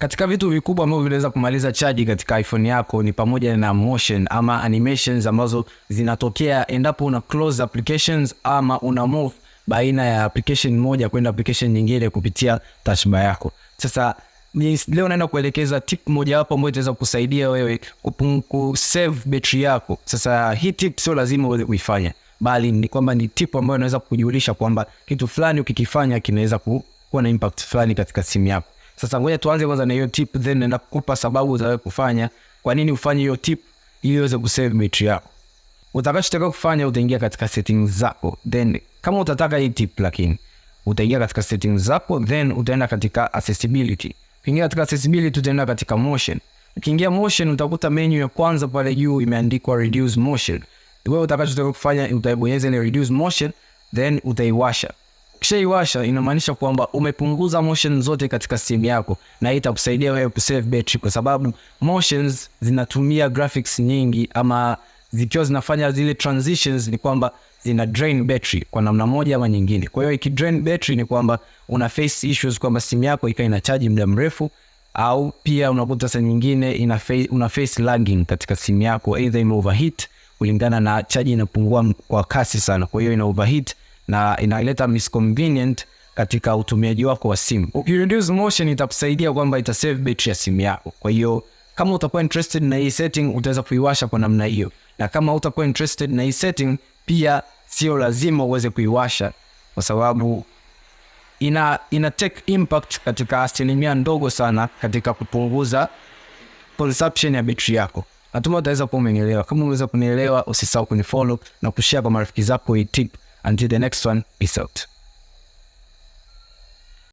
Katika vitu vikubwa ambavyo vinaweza kumaliza chaji katika iPhone yako ni pamoja na motion ama animations ambazo zinatokea endapo una close applications ama una move baina ya application moja kwenda application nyingine kupitia touch bar yako. Sasa leo naenda kuelekeza tip moja hapo ambayo itaweza kusaidia wewe kupunguza save battery yako. Sasa hii tip sio lazima uweze kuifanya, bali ni kwamba ni tip ambayo unaweza kujulisha kwamba kitu fulani ukikifanya kinaweza kuwa na impact fulani katika simu yako. Sasa ngoja tuanze kwanza na hiyo tip, then naenda kukupa sababu za wewe kufanya kwa nini ufanye hiyo tip ili uweze kusave betri yako. utakachotaka kufanya, utaingia katika settings zako, then kama utataka hii tip, lakini utaingia katika settings zako, then utaenda katika accessibility. Ukiingia katika accessibility, utaenda katika motion. Ukiingia motion, utakuta menu ya kwanza pale juu imeandikwa reduce motion. Wewe utakachotaka kufanya, utaibonyeza ile reduce motion, then utaiwasha kishaiwasha inamaanisha kwamba umepunguza motion zote katika simu yako, na hii itakusaidia wewe kusave battery, kwa sababu motions zinatumia graphics nyingi, ama zikiwa zinafanya zile transitions, ni kwamba zina drain battery kwa namna moja ama nyingine. Kwa hiyo iki drain battery, ni kwamba una face issues kwamba simu yako ikawa charge muda mrefu, au pia unakuta saa nyingine ina face, una face lagging katika simu yako, either ime overheat kulingana na charge inapungua kwa kasi sana, kwa hiyo ina overheat na inaleta misconvenient katika utumiaji wako wa simu. Ukireduce motion itakusaidia kwamba ita save battery ya simu yako. Kwa hiyo kama utakuwa interested na hii setting utaweza kuiwasha kwa namna hiyo, na kama utakuwa interested na hii setting pia sio lazima uweze kuiwasha kwa sababu ina, ina take impact katika asilimia ndogo sana katika kupunguza consumption ya battery yako. Natumai utaweza kuwa umenielewa. Kama umeweza kunielewa, usisahau kunifollow na kushare kwa marafiki zako hii tip. Until the next one, peace out.